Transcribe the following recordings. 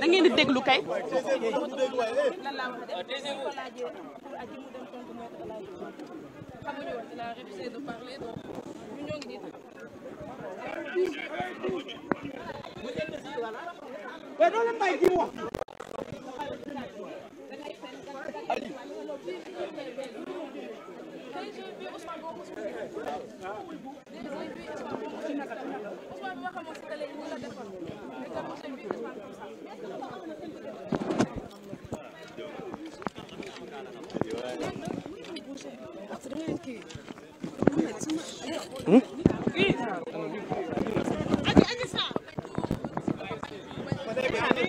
da ngeen di déglu kay mais doo leen bàyyi ji mu wax Hmm? Ahí está, ahí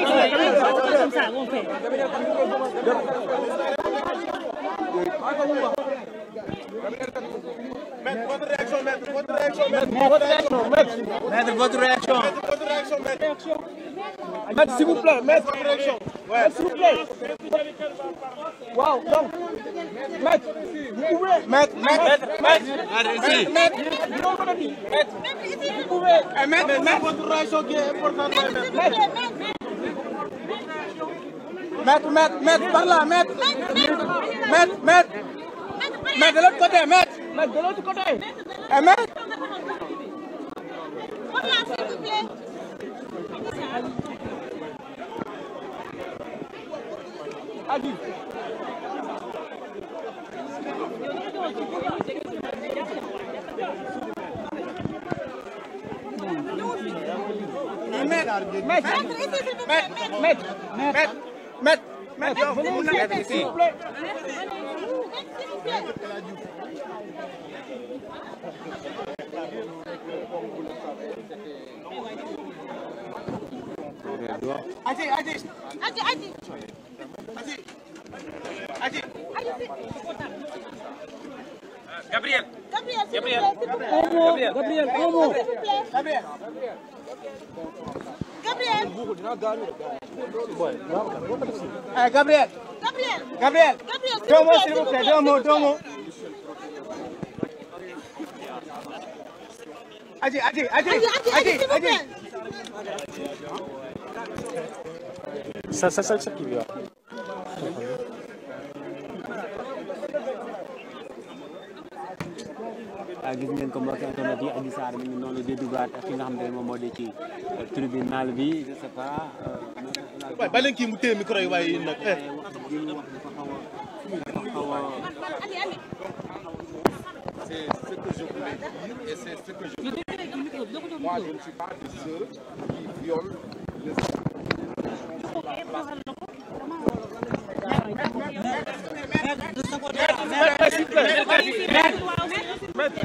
está, ahí está, ahí está, votre réaction, maître, votre réaction, maître, votre réaction. Maître, s'il vous plaît, maître. Maître, s'il vous plaît. Wow, donc, maître, vous pouvez. Maître, maître, maître. Maître, ici. Maître, vous pouvez. Maître, votre réaction qui est importante. Maître, maître. maître maître maître par là maître. maître maître. maître de l'autre côté maître. maître de l'autre côté. et eh, maître. Adil. Maître, maître, maître, maître. Maintenant, vous nous mettez, s'il vous plaît. Allez, allez. Allez, allez. Allez. Allez. Allez. Gabriel. Gabriel, un mot. Gabriel, un mot. Gabriel. Gabriel. Gabriel. Deux mots, s'il vous plaît. Deux mots, deux mots. Adi, Adi, Adi, Adi, Adi. Ça, ça, ça, ça qui vient. Euh, gis ngeen ko mbokk internet yi Adji Sarr mi ngi noonu di dugaat ak ki nga xam ne moom moo di ci euh, tribunal bi je sais pas. Euh, waaye ba leen kii mu téye micro yi waaye nag. Eh. c'est ce que je voulais dire et c'est ce que je veux. Moi, je ne suis pas de ceux qui violent les Maître, de ce côté-là.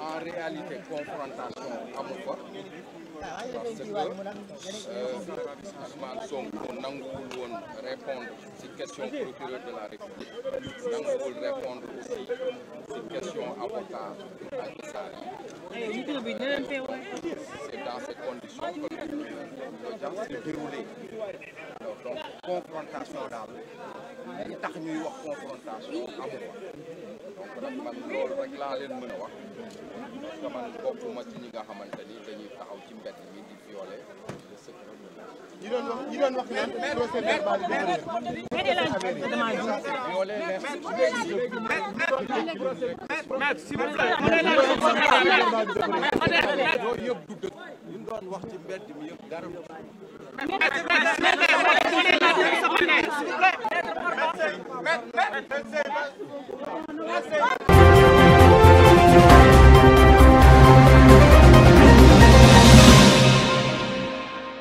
en réalité confrontation amu fa parce que euh, Ousmane Sonko nanguwul woon répondre ci question procureur de la République nanguwul répondre aussi ci question avocat Adji Sarr yi c'est dans ces conditions que l'audience s'est déroulée donc confrontation daal li tax ñuy wax confrontation amu fa donc nag man loolu rek laa leen mën a wax te man bokkuma ci ñi nga xamante ni dañuy taxaw ci mbedd mi di violer le secret de la ñi doon wax ñi doon wax naan procès verbal yëpp du dëgg ñu doon wax ci mbedd mi yëpp dara Let's say, let's say, let's say.